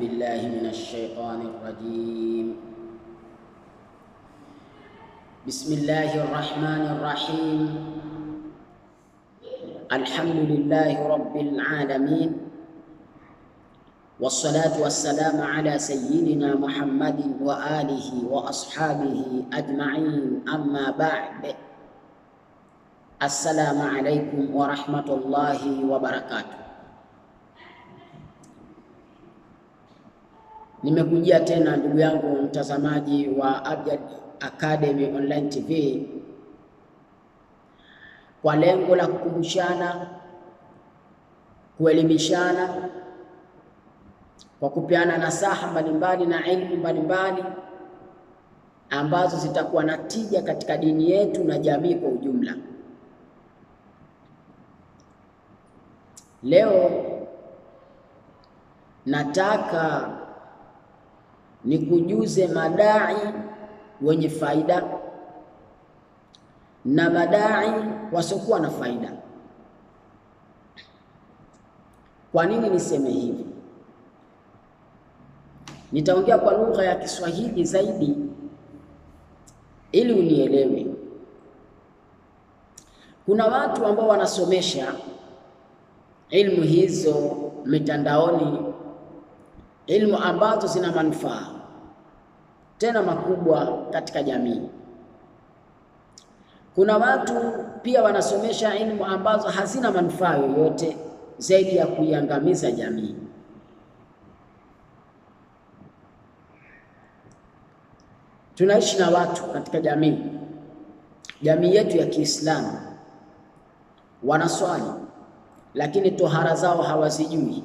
بالله من الشيطان الرجيم بسم الله الرحمن الرحيم الحمد لله رب العالمين والصلاة والسلام على سيدنا محمد وآله وأصحابه أجمعين أما بعد السلام عليكم ورحمة الله وبركاته Nimekujia tena ndugu yangu mtazamaji wa Abjad Academy Online TV kwa lengo la kukumbushana, kuelimishana, kwa kupeana nasaha mbalimbali na elimu mbalimbali ambazo zitakuwa na tija katika dini yetu na jamii kwa ujumla. Leo nataka nikujuze madai wenye faida na madai wasiokuwa na faida. Kwa nini niseme hivi? Nitaongea kwa lugha ya Kiswahili zaidi ili unielewe. Kuna watu ambao wanasomesha ilmu hizo mitandaoni, ilmu ambazo zina manufaa tena makubwa katika jamii. Kuna watu pia wanasomesha elimu ambazo hazina manufaa yoyote zaidi ya kuiangamiza jamii. Tunaishi na watu katika jamii, jamii yetu ya Kiislamu wanaswali, lakini tohara zao hawazijui,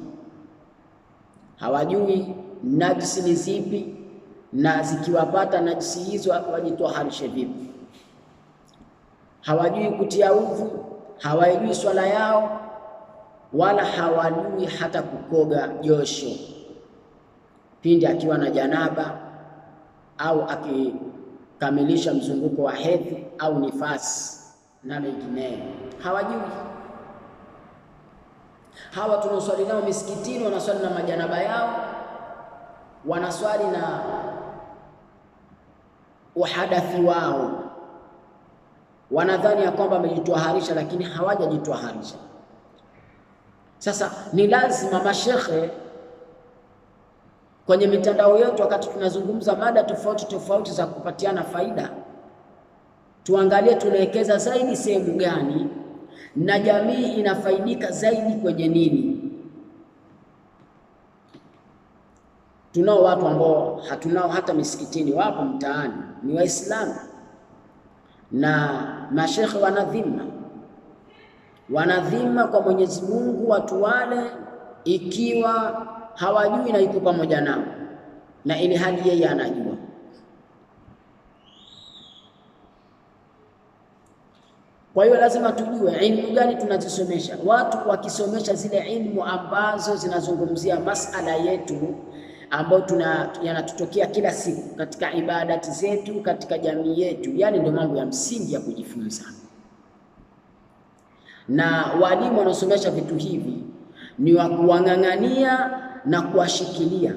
hawajui najisi ni zipi na zikiwapata najisi hizo wajitoharishe vipi. Hawajui kutia udhu, hawajui swala yao, wala hawajui hata kukoga josho pindi akiwa na janaba au akikamilisha mzunguko wa hedhi au nifasi na mengineyo, hawajui hawa. Tunaoswali nao misikitini wanaswali na majanaba yao, wanaswali na uhadathi wao, wanadhani ya kwamba wamejitwaharisha, lakini hawajajitwaharisha. Sasa ni lazima mashekhe kwenye mitandao yetu, wakati tunazungumza mada tofauti tofauti za kupatiana faida, tuangalie tunawekeza zaidi sehemu gani na jamii inafaidika zaidi kwenye nini. Tunao watu ambao hatunao hata misikitini, wapo mtaani, ni Waislamu na mashekhe wanadhima, wanadhima kwa Mwenyezi Mungu watu wale, ikiwa hawajui na iko pamoja nao, na ili hali yeye anajua. Kwa hiyo lazima tujue ilmu gani tunazisomesha watu. Wakisomesha zile ilmu ambazo zinazungumzia masala yetu ambayo tuna yanatutokea kila siku katika ibadati zetu, katika jamii yetu. Yani ndio mambo ya msingi ya kujifunza, na walimu wanaosomesha vitu hivi ni wa kuwang'ang'ania na kuwashikilia.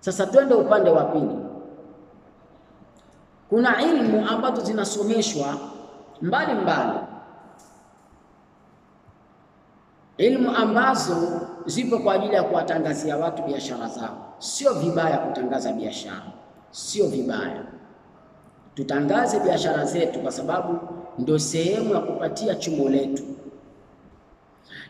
Sasa twende upande wa pili. Kuna ilmu ambazo zinasomeshwa mbalimbali, ilmu ambazo zipo kwa ajili ya kuwatangazia watu biashara zao. Sio vibaya kutangaza biashara, sio vibaya. Tutangaze biashara zetu, kwa sababu ndio sehemu ya kupatia chumo letu,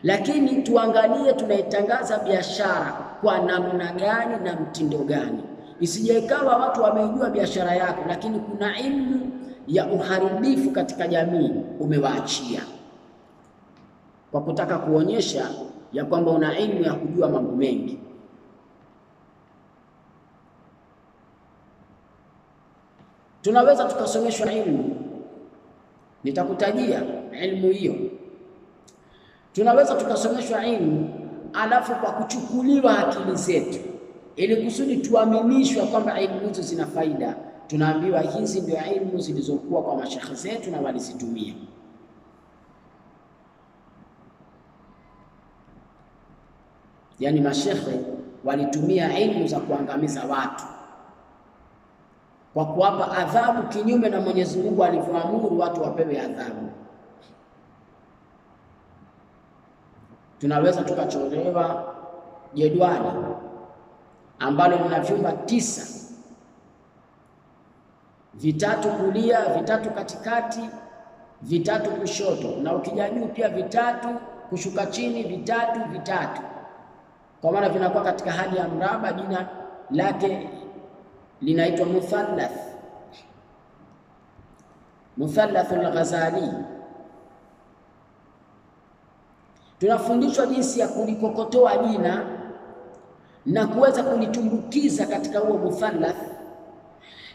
lakini tuangalie tunaitangaza biashara kwa namna gani na mtindo gani. Isije ikawa watu wameijua biashara yako, lakini kuna ilmu ya uharibifu katika jamii umewaachia kwa kutaka kuonyesha ya kwamba una elimu ya kujua mambo mengi. Tunaweza tukasomeshwa ilmu, nitakutajia elimu hiyo. Tunaweza tukasomeshwa ilmu alafu kwa kuchukuliwa akili zetu, ili kusudi tuaminishwa kwamba elimu hizo zina faida. Tunaambiwa hizi ndio elimu zilizokuwa kwa mashekhe zetu na walizitumia. yaani mashekhe walitumia ilmu za kuangamiza watu kwa kuwapa adhabu kinyume na Mwenyezi Mungu alivyoamuru watu wapewe adhabu. Tunaweza tukacholewa jedwali ambalo lina vyumba tisa, vitatu kulia, vitatu katikati, vitatu kushoto, na ukija juu pia vitatu, kushuka chini vitatu vitatu kwa maana vinakuwa katika hali ya mraba, jina lake linaitwa muthallath. Muthallath al-Ghazali. Tunafundishwa jinsi ya kulikokotoa jina na kuweza kulitumbukiza katika huo muthallath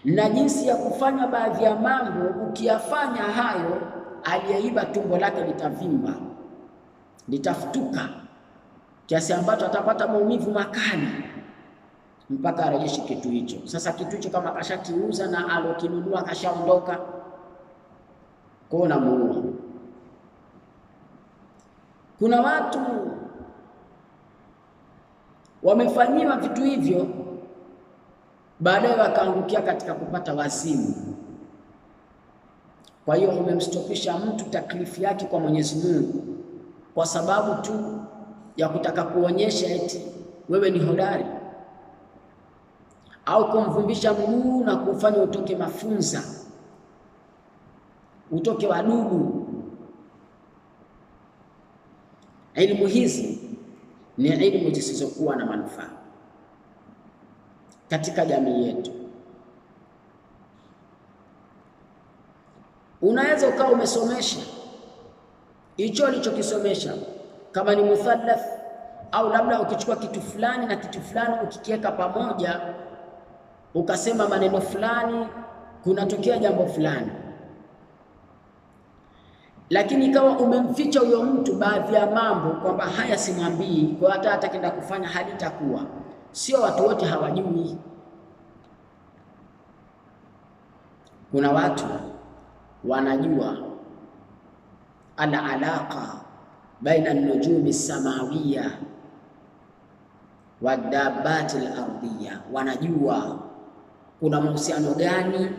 na jinsi ya kufanya baadhi ya mambo. Ukiyafanya hayo, aliyeiba tumbo lake litavimba, litafutuka kiasi ambacho atapata maumivu makali mpaka arejeshe kitu hicho. Sasa kitu hicho kama kashakiuza na alokinunua kashaondoka, kwa unamuua. Kuna watu wamefanyiwa vitu hivyo, baadaye wakaangukia katika kupata wazimu. Kwa hiyo umemstopisha mtu taklifu yake kwa Mwenyezi Mungu kwa sababu tu ya kutaka kuonyesha eti wewe ni hodari au kumvumbisha mguu na kufanya utoke mafunza, utoke wadudu. Elimu hizi ni elimu zisizokuwa na manufaa katika jamii yetu. Unaweza ukawa umesomesha hicho alichokisomesha kama ni muthalath au labda ukichukua kitu fulani na kitu fulani ukikiweka pamoja, ukasema maneno fulani, kunatokea jambo fulani, lakini ikawa umemficha huyo mtu baadhi ya mambo kwamba haya simwambii, kwa hata atakenda kufanya halitakuwa. Sio watu wote hawajui, kuna watu wanajua al alaqa baina nujumi samawiya wa dabati lardhiya, wanajua kuna mahusiano gani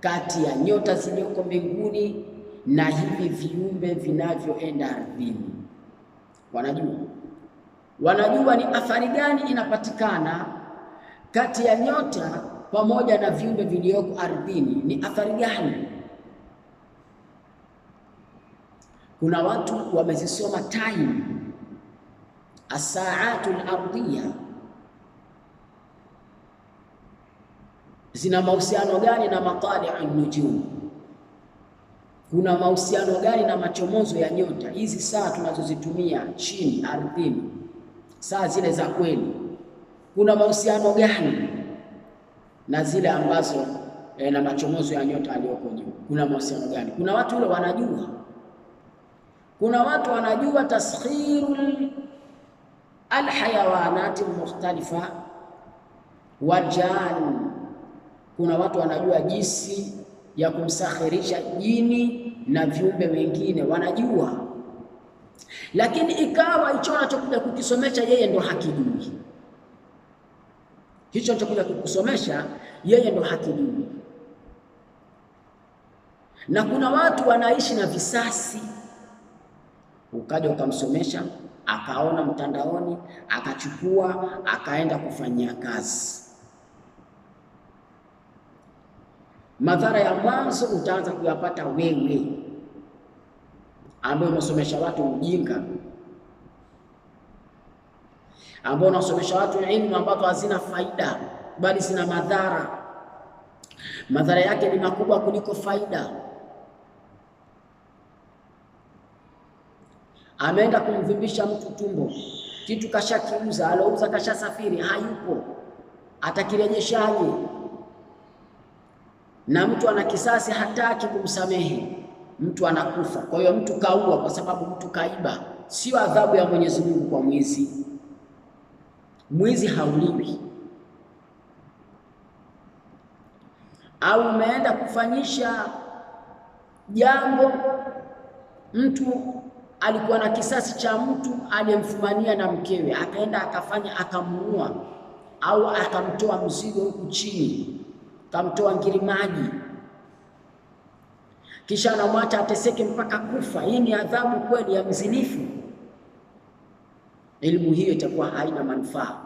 kati ya nyota zilizoko mbinguni na hivi viumbe vinavyoenda ardhini. Wanajua, wanajua ni athari gani inapatikana kati ya nyota pamoja na viumbe vilivyoko ardhini, ni athari gani Kuna watu wamezisoma time asaatu ardhiya zina mahusiano gani na mataliu nujum? Kuna mahusiano gani na machomozo ya nyota? Hizi saa tunazozitumia chini ardhini, saa zile za kweli, kuna mahusiano gani na zile ambazo eh, na machomozo ya nyota aliyoko juu? Kuna mahusiano gani? Kuna watu ule wanajua kuna watu wanajua taskhiru alhayawanati mukhtalifa wajan, kuna watu wanajua jinsi ya kumsakhirisha jini na viumbe wengine wanajua, lakini ikawa hicho anachokuja kukisomesha yeye ndo hakijui, hicho anachokuja kukusomesha yeye ndo hakijui. Na kuna watu wanaishi na visasi ukaja ukamsomesha, akaona mtandaoni, akachukua, akaenda kufanyia kazi. Madhara ya mwanzo utaanza kuyapata wewe, ambaye unasomesha watu ujinga, ambao unasomesha watu elimu ambazo hazina faida, bali zina madhara. Madhara yake ni makubwa kuliko faida. ameenda kumvimbisha mtu tumbo, kitu kashakiuza, alouza kashasafiri, hayupo, atakirejeshaje? Na mtu ana kisasi, hataki kumsamehe, mtu anakufa. Kwa hiyo mtu kaua kwa sababu mtu kaiba, sio adhabu ya Mwenyezi Mungu kwa mwizi. Mwizi hauliwi. Au umeenda kufanyisha jambo mtu alikuwa na kisasi cha mtu aliyemfumania na mkewe, akaenda akafanya akamuua au akamtoa mzigo huku chini, akamtoa ngirimaji, kisha anamwacha ateseke mpaka kufa. Hii ni adhabu kweli ya mzinifu. Elimu hiyo itakuwa haina manufaa.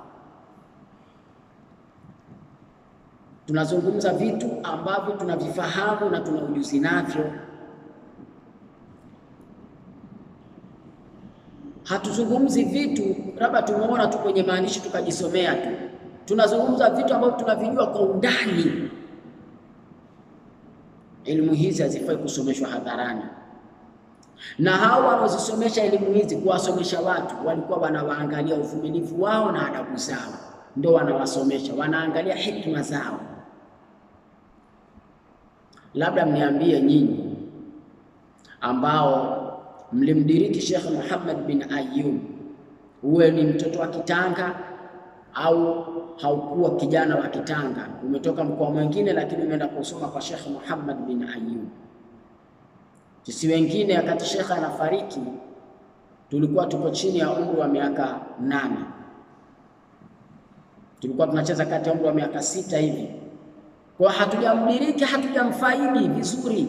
Tunazungumza vitu ambavyo tunavifahamu na tuna ujuzi navyo Hatuzungumzi vitu labda tumeona tu kwenye maandishi tukajisomea tu, tunazungumza vitu ambavyo tunavijua kwa undani. Elimu hizi hazifai kusomeshwa hadharani, na hao wanaozisomesha elimu hizi kuwasomesha watu walikuwa wanawaangalia uvumilivu wao na adabu zao, ndio wanawasomesha, wanaangalia hikma zao. Labda mniambie nyinyi ambao mlimdiriki Sheikh Muhammad bin Ayyub, uwe ni mtoto wa Kitanga au haukuwa kijana wa Kitanga, umetoka mkoa mwingine, lakini umeenda kusoma kwa Sheikh Muhammad bin Ayyub. Sisi wengine wakati Sheikh anafariki tulikuwa tuko chini ya umri wa miaka nane, tulikuwa tunacheza kati ya umri wa miaka sita hivi, kwa hatujamdiriki hatujamfaidi vizuri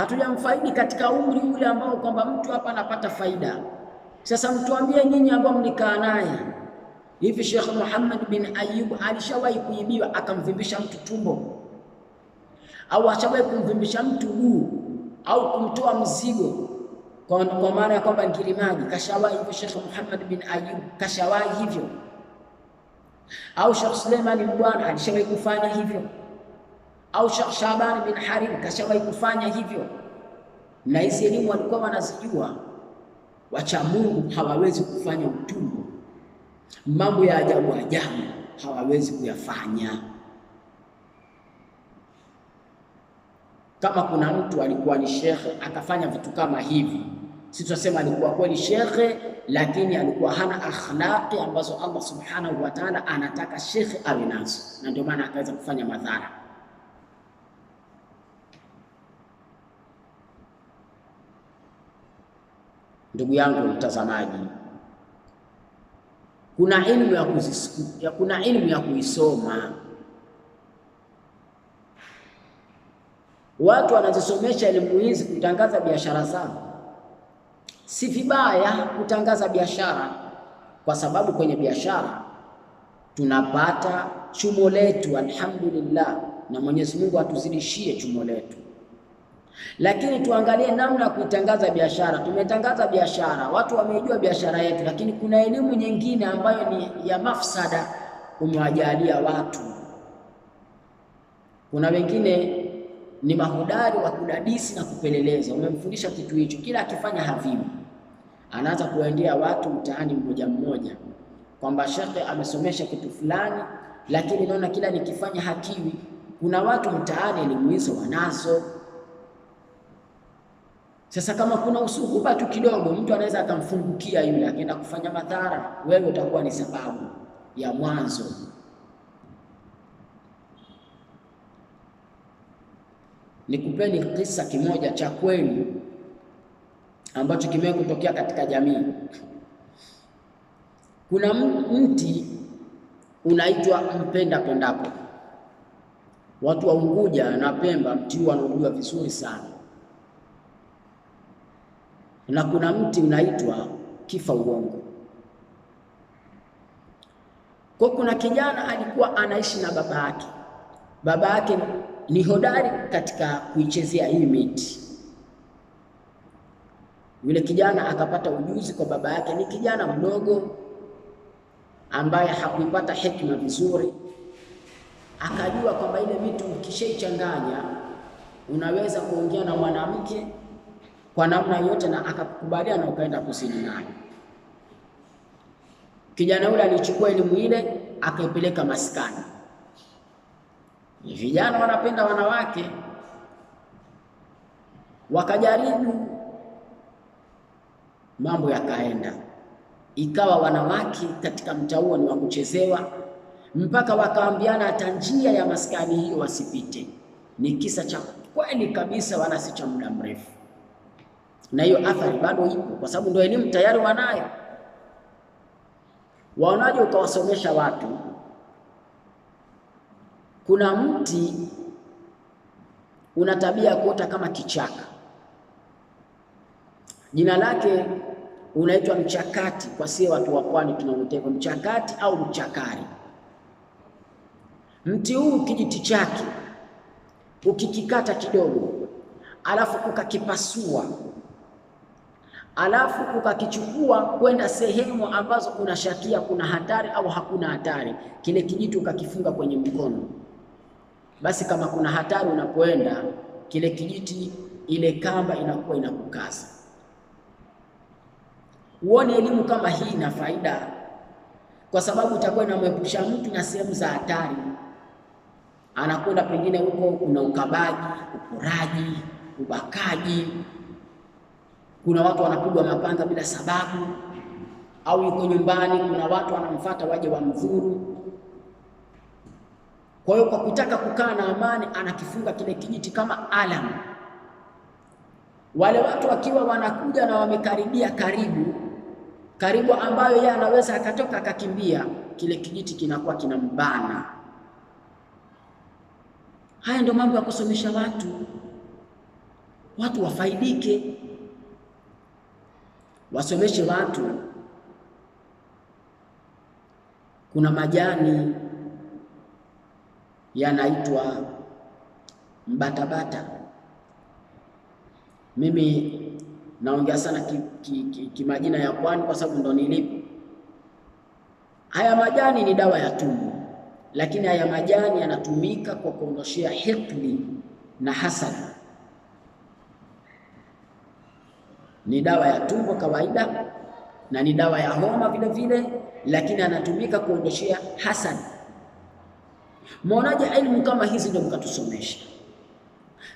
hatujamfaidi katika umri ule ambao kwamba mtu hapa anapata faida. Sasa mtuambie nyinyi ambao mlikaa naye hivi, Sheikh Muhammad bin Ayyub alishawahi kuibiwa akamvimbisha mtu tumbo, au ashawahi kumvimbisha mtu guu, au kumtoa mzigo kwa, kwa maana ya kwamba ngirimaji? Kashawahi hivyo Sheikh Muhammad bin Ayyub kashawahi hivyo? Au Sheikh Suleiman Mbwana alishawahi kufanya hivyo? au Sheikh Shaban bin Harith kashawahi kufanya hivyo, na hizi elimu walikuwa wanazijua. Wacha Mungu hawawezi kufanya utumwa, mambo ya ajabu ajabu hawawezi kuyafanya. Kama kuna mtu alikuwa ni shekhe akafanya vitu kama hivi, si tunasema alikuwa kweli shekhe, lakini alikuwa hana akhlaqi ambazo Allah subhanahu wa ta'ala anataka shekhe awe nazo, na ndio maana akaweza kufanya madhara. Ndugu yangu mtazamaji, kuna ilmu ya kuzisiku, ya kuna ilmu ya kuisoma. Watu wanazisomesha elimu hizi kutangaza biashara zao. Si vibaya kutangaza biashara, kwa sababu kwenye biashara tunapata chumo letu, alhamdulillah, na Mwenyezi Mungu atuzidishie chumo letu. Lakini tuangalie namna ya kuitangaza biashara. Tumetangaza biashara, watu wamejua biashara yetu, lakini kuna elimu nyingine ambayo ni ya mafsada umewajalia watu. Kuna wengine ni mahudari wa kudadisi na kupeleleza, umemfundisha kitu hicho, kila akifanya havimu, anaanza kuendea watu mtaani mmoja mmoja kwamba shekhe amesomesha kitu fulani, lakini naona kila nikifanya hakiwi. Kuna watu mtaani elimu hizo wanazo sasa kama kuna usuhuba tu kidogo, mtu anaweza akamfungukia yule, akienda kufanya madhara, wewe utakuwa ni sababu ya mwanzo. Nikupeni kisa kimoja cha kweli ambacho kimewahi kutokea katika jamii. Kuna mti unaitwa mpenda pendapo. Watu wa Unguja na Pemba, mti huu wanaujua vizuri sana na kuna mti unaitwa kifa uongo. Kwa kuna kijana alikuwa anaishi na baba yake, baba yake ni hodari katika kuichezea hii miti. Yule kijana akapata ujuzi kwa baba yake, ni kijana mdogo ambaye hakuipata hekima vizuri, akajua kwamba ile miti ukishaichanganya unaweza kuongea na mwanamke kwa namna yote, na akakubalia na ukaenda kusini nayo. Kijana yule alichukua elimu ile akaipeleka maskani. Vijana wanapenda wanawake, wakajaribu mambo yakaenda, ikawa wanawake katika mtaa huo ni wa kuchezewa, mpaka wakaambiana hata njia ya maskani hiyo wasipite. Ni kisa cha kweli kabisa, wala si cha muda mrefu na hiyo athari bado ipo, kwa sababu ndio elimu tayari wanayo. Waonaje ukawasomesha watu? Kuna mti una tabia ya kuota kama kichaka, jina lake unaitwa mchakati. Kwa sie watu wa pwani tunautewa mchakati au mchakari. Mti huu kijiti chake ukikikata kidogo, alafu ukakipasua alafu ukakichukua kwenda sehemu ambazo unashakia kuna hatari au hakuna hatari, kile kijiti ukakifunga kwenye mkono. Basi kama kuna hatari unapoenda, kile kijiti, ile kamba inakuwa inakukaza. Uone elimu kama hii ina faida, kwa sababu itakuwa inamwepusha mtu na sehemu za hatari. Anakwenda pengine huko kuna ukabaji, uporaji, ubakaji kuna watu wanapigwa mapanga bila sababu, au yuko nyumbani, kuna watu wanamfuata waje wamdhuru. Kwa hiyo kwa kutaka kukaa na amani, anakifunga kile kijiti kama alam. Wale watu wakiwa wanakuja na wamekaribia karibu karibu, ambayo yeye anaweza akatoka akakimbia, kile kijiti kinakuwa kinambana. Haya ndio mambo ya kusomesha watu, watu wafaidike wasomeshe watu kuna majani yanaitwa mbatabata. Mimi naongea sana kimajina ki, ki, ki ya pwani kwa sababu ndo nilipo. Haya majani ni dawa ya tumbo, lakini haya majani yanatumika kwa kuondoshea hikli na hasadi. ni dawa ya tumbo kawaida na ni dawa ya homa vile vile, lakini anatumika kuondoshia hasad. Mwaonaje ilmu kama hizi ndio mkatusomesha,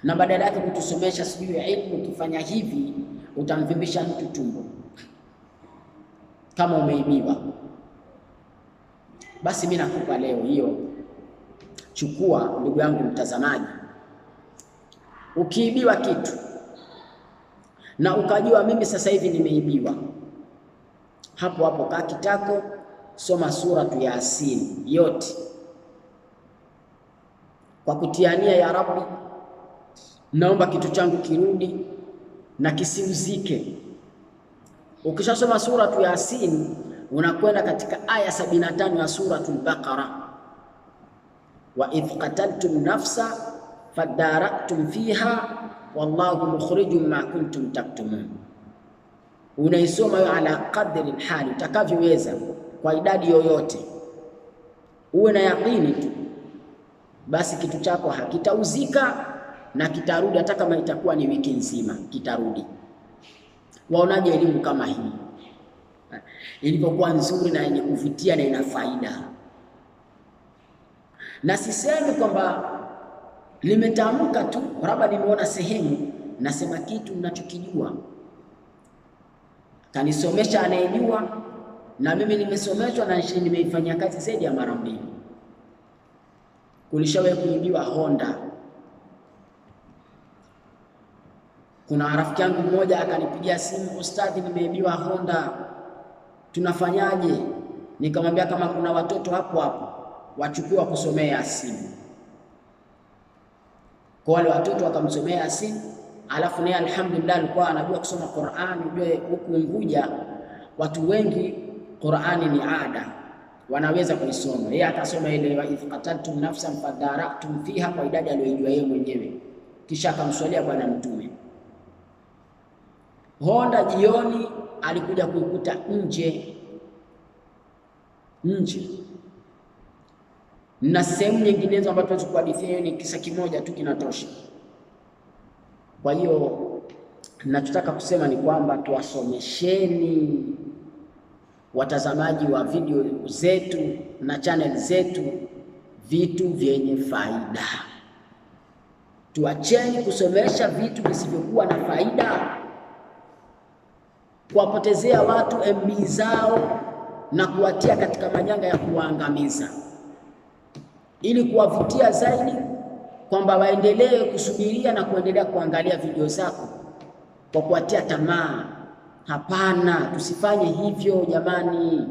na badala yake kutusomesha sijui ya ilmu, ukifanya hivi utamvimbisha mtu tumbo kama umeibiwa. Basi mimi nakupa leo hiyo, chukua ndugu yangu mtazamaji, ukiibiwa kitu na ukajua mimi sasa hivi nimeibiwa. Hapo hapo kaa kitako, soma suratu Yasin yote kwa kutiania, ya Rabbi, naomba kitu changu kirudi na kisiuzike. Ukishasoma suratu Yasin unakwenda katika aya 75 ya suratul Baqara, wa idh qataltum nafsa fadaraktum fiha wallahu mukhriju ma kuntum taktumun. Unaisoma hiyo ala qadri hali utakavyoweza, kwa idadi yoyote, uwe na yaqini tu, basi kitu chako hakitauzika na kitarudi, hata kama itakuwa ni wiki nzima kitarudi. Waonaje elimu kama hii ilivyokuwa nzuri na yenye kuvutia na ina faida? Na sisemi kwamba limetamka tu, labda nimeona sehemu, nasema kitu ninachokijua, kanisomesha anayejua, na mimi nimesomeshwa na nimeifanyia kazi zaidi ya mara mbili. Kulishawahi kuibiwa Honda. Kuna rafiki yangu mmoja akanipigia simu, ustadhi, nimeibiwa Honda, tunafanyaje? Nikamwambia kama kuna watoto hapo hapo wachukue kusomea simu kwa wale watoto wakamsomea Yasin, alafu naye alhamdulillah alikuwa anajua kusoma Qur'ani. Ujue huku Unguja watu wengi Qur'ani ni ada, wanaweza kuisoma. Yeye atasoma ile wa idh qataltum nafsan fadaraktum fiha, kwa idadi aliyojua yeye mwenyewe, kisha akamswalia Bwana Mtume. Honda jioni alikuja kuikuta nje nje na sehemu nyinginezo ambazo tuwezi kuhadithia, hiyo ni kisa kimoja tu kinatosha. Kwa hiyo ninachotaka kusema ni kwamba tuwasomesheni watazamaji wa video zetu na channel zetu vitu vyenye faida. Tuacheni kusomesha vitu visivyokuwa na faida, kuwapotezea watu MB zao na kuwatia katika majanga ya kuwaangamiza ili kuwavutia zaidi kwamba waendelee kusubiria na kuendelea kuangalia video zako kwa kuwatia tamaa. Hapana, tusifanye hivyo jamani.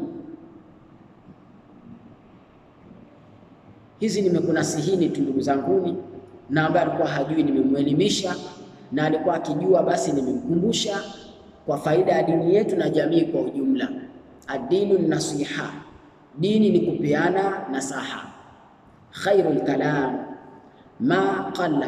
Hizi nimekunasihini tu ndugu zanguni, na ambaye alikuwa hajui nimemwelimisha, na alikuwa akijua basi nimemkumbusha kwa faida ya dini yetu na jamii kwa ujumla. Adinu nasiha, dini ni kupeana nasaha. خير الكلام ما قل